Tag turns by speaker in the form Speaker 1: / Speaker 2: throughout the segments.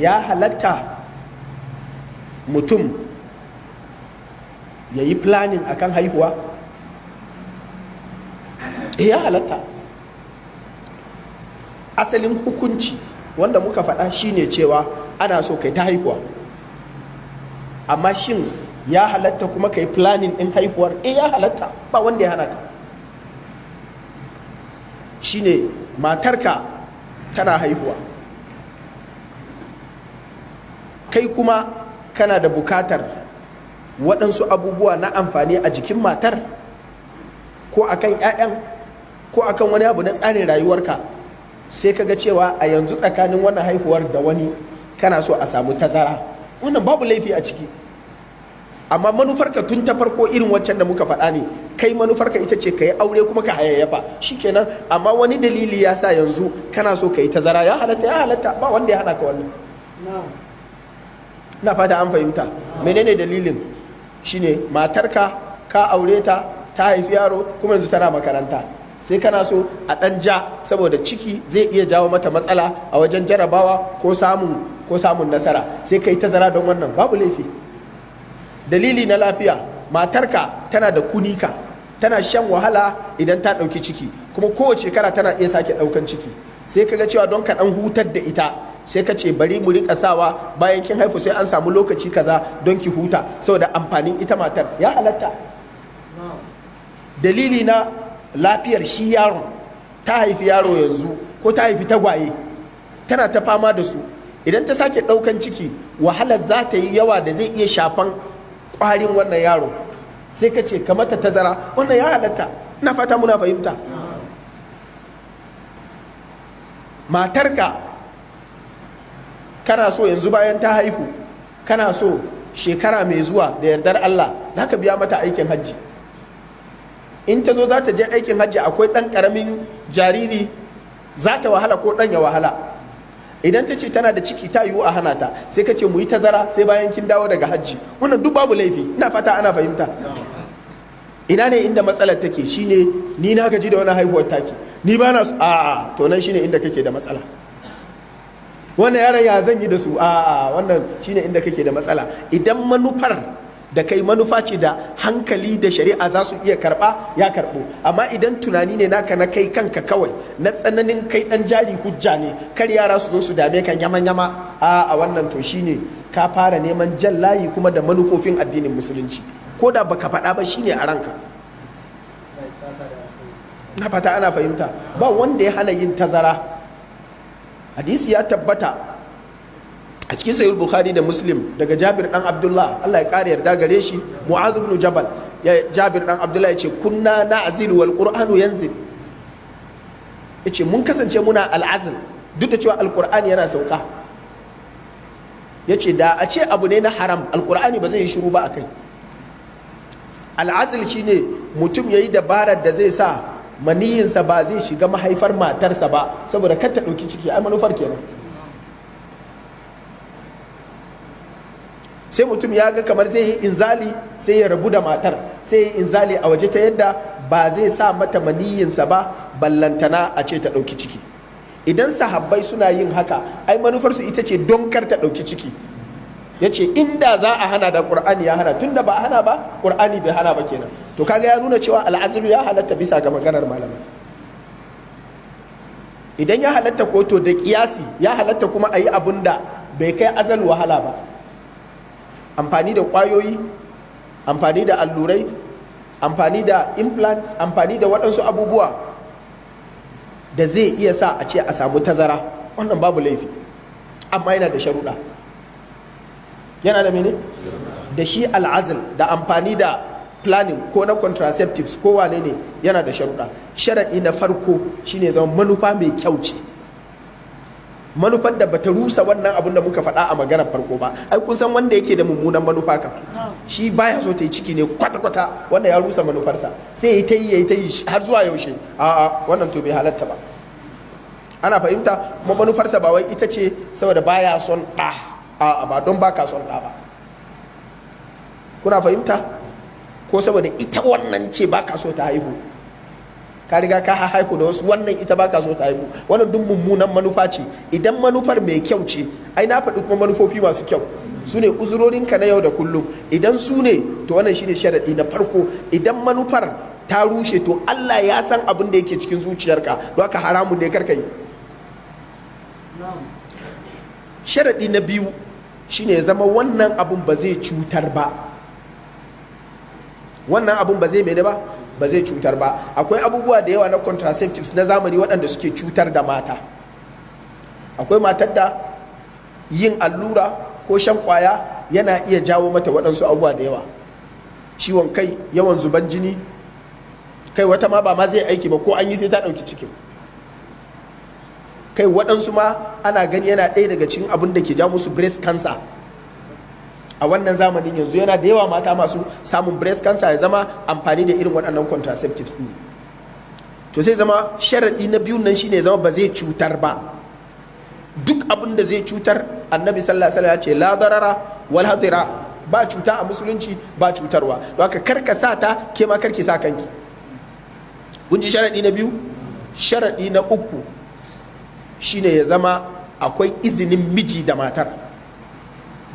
Speaker 1: ya halatta mutum ya yi planning akan haihuwa eh, ya halatta asalin hukunci wanda muka faɗa shine cewa ana so kai ta haihuwa amma shin ya halatta kuma kai planning ɗin haihuwar eh ya halatta ba wanda ya hana ka shine matarka tana haihuwa kai kuma kana da bukatar waɗansu abubuwa na amfani a jikin matar ko akan 'ya'yan ko akan wani abu na tsarin rayuwarka sai ka ga cewa a yanzu tsakanin wannan haihuwar da wani kana so a samu tazara wannan babu laifi a ciki amma manufarka tun ta farko irin waccan da muka faɗa ne kai manufarka ita ce ka yi aure kuma ka hayayyafa shikenan amma wani dalili ya sa yanzu kana so ka yi tazara ya halatta ya halatta ba wanda ya hana ka wannan na fata an fahimta menene dalilin shine matarka ka aure ta ta haifi yaro kuma yanzu tana makaranta sai kana so a ɗan ja saboda ciki zai iya jawo mata matsala a wajen jarabawa ko samun ko samun nasara sai kai tazara don wannan babu laifi dalili na lafiya matarka tana da kunika tana shan wahala idan ta ɗauki ciki kuma kowace shekara tana iya sake ɗaukan ciki sai kaga cewa don ka ɗan hutar da ita sai ka ce bari mu rika sawa bayan kin haifu sai an samu lokaci kaza don ki huta saboda amfanin ita matar ya halatta dalili na lafiyar shi yaro ta haifi yaro yanzu ko ta haifi tagwaye tana ta fama da su idan ta sake ɗaukan ciki wahalar za ta yi yawa da zai iya shafan ƙwarin wannan yaro sai ka ce kamata tazara wannan ya halatta ina fata muna fahimta matarka kana so yanzu bayan ta haihu kana so shekara mai zuwa da yardar Allah za ka biya mata aikin hajji in ta zo za ta je aikin hajji akwai ɗan ƙaramin jariri za ta wahala ko ɗan ya wahala idan ta ce tana da ciki ta yiwu a hana ta sai ka ce mu yi tazara sai bayan kin dawo daga hajji wannan duk babu laifi ina fata ana fahimta ina ne inda matsalar take shine ni na gaji da wani haihuwar taki ni ba na a to nan shine inda kake da matsala wannan yaran ya zan yi da su a'a wannan shine inda kake da matsala idan manufar da kai manufa ce da hankali da shari'a za su iya karba ya karbo amma idan tunani ne naka na kai kanka kawai na tsananin kai dan jari hujja ne kar yara su zo su dame ka yaman yama a wannan to shine ka fara neman jan layi kuma da manufofin addinin musulunci ko da baka faɗa ba shine a ranka na fata ana fahimta ba wanda ya hana yin tazara hadisi ya tabbata a cikin sayul bukhari da muslim daga jabir dan abdullah allah ya kare yarda gare shi mu'adh ibn jabal ya jabir dan abdullah ce, kunna na'zilu wal qur'anu yanzil ce mun kasance muna al'azl duk da cewa alqur'ani yana sauka yace da a ce abu ne na haram alqur'ani ba zai yi shiru ba a akai al'azl shine mutum yayi dabarar da zai sa maniyinsa ba zai shiga mahaifar matarsa ba saboda kar ta ɗauki ciki ai manufar kenan sai mutum ya ga kamar zai yi inzali sai ya rabu da matar sai ya inzali a waje ta yadda ba zai sa mata maniyinsa ba ballantana a ce ta ɗauki ciki idan sahabbai suna yin haka ai manufarsu ita ce don kar ta ɗauki ciki ya ce inda za a hana da ƙur'ani ya hana tunda ba a hana ba ƙur'ani bai hana ba kenan to kaga ya nuna cewa al'azlu ya halatta bisa ga maganar malama idan ya halatta koto da kiyasi ya halatta kuma a yi abun da bai kai azal wahala ba amfani da kwayoyi amfani da allurai amfani da implants amfani da waɗansu abubuwa da zai iya sa a ce a samu tazara wannan babu laifi amma yana da sharuɗa yana da mene da shi al'azal da amfani da planning ko na contraceptives ko wane ne yana da sharuɗa sharaɗi na farko shine zama manufa mai kyau ce manufar da bata rusa wannan abin da muka faɗa a maganar farko ba ai kun san wanda yake da mummunan manufa kan shi baya so ta yi ciki ne kwata-kwata wanda ya rusa manufarsa sai ya yi ta yi har zuwa yaushe a wannan to bai halatta ba ana fahimta kuma manufarsa ba wai ita ce saboda baya son ɗa a ba don baka son ɗa ba kuna fahimta ko saboda ita wannan ce ba ka so ta haihu ka riga ka haihu da wasu wannan ita ba ka so ta haihu wannan duk mummunan manufa ce idan manufar mai kyau ce ai na faɗi kuma manufofi masu kyau su ne uzurorinka na yau da kullum idan su ne to wannan shine sharaɗi na farko idan manufar ta rushe to Allah ya san abin da yake cikin zuciyarka don haka haramun ne karka yi sharaɗi na biyu shine ya zama wannan abin ba zai cutar ba wannan abun ba zai mene ba ba zai cutar ba akwai abubuwa da yawa na contraceptives na zamani waɗanda suke cutar da mata akwai matar da yin allura ko shan kwaya yana iya jawo mata waɗansu abubuwa da yawa ciwon kai yawan zuban jini kai wata ma ba ma zai aiki ba ko an yi sai ta ɗauki cikin kai waɗansu ma ana gani yana ɗaya daga cikin abin da ke jawo musu breast cancer a wannan zamanin yanzu yana da yawa mata masu samun breast cancer ya zama amfani da irin waɗannan contraceptives ne to sai zama sharaɗi na biyun nan shine zama ba zai cutar ba duk abin da zai cutar annabi sallallahu alaihi ya ce la darara wal hadira ba cuta a musulunci ba cutarwa don haka karka sa ta ke ma karki sa kanki kun ji sharaɗi na biyu sharaɗi na uku shine ya zama akwai izinin miji da matar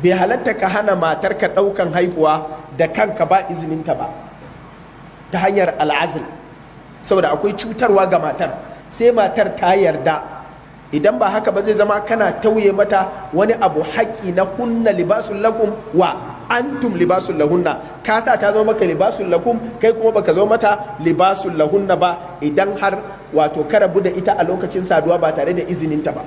Speaker 1: bai halatta ka hana matarka ɗaukan haihuwa da kanka ba izininta ba ta hanyar al'azil saboda akwai cutarwa ga matar sai matar ta yarda idan ba haka ba zai zama kana tauye mata wani abu haƙi na hunna libasun lakum wa antum libasun lahunna ka sa ta zo maka libasun lakum kai kuma baka zo mata libasun lahunna ba idan har wato ka rabu da ita a lokacin saduwa ba tare da izininta ba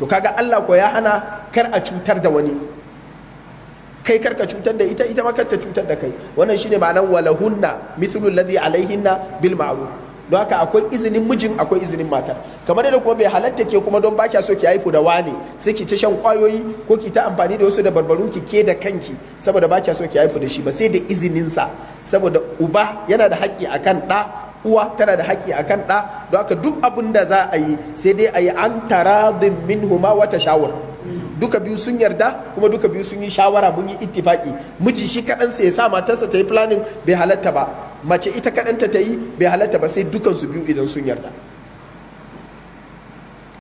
Speaker 1: to kaga Allah ko ya hana kar a cutar da wani kai kar ka cutar da ita ita ma ta cutar da kai wannan shine ma'anar walahunna mithlu alladhi alaihinna bil ma'ruf don haka akwai izinin mijin akwai izinin matar kamar da kuma bai halatta ke kuma don baki so ki haifu da wane sai ki ta shan kwayoyi ko ki ta amfani da wasu dabarbarun ki ke da kanki saboda baki so ki haifu da shi ba sai da izinin sa saboda uba yana da haƙƙi akan ɗa uwa tana da haƙƙi akan ɗa don haka duk abin da za a yi sai dai a yi an taradin min huma wata shawar duka biyu sun yarda kuma duka biyu sun yi shawara mun yi ittifaki miji shi kaɗan sai ya sa matarsa ta yi planning bai halatta ba mace ita kaɗanta ta yi bai halatta ba sai dukansu biyu idan sun yarda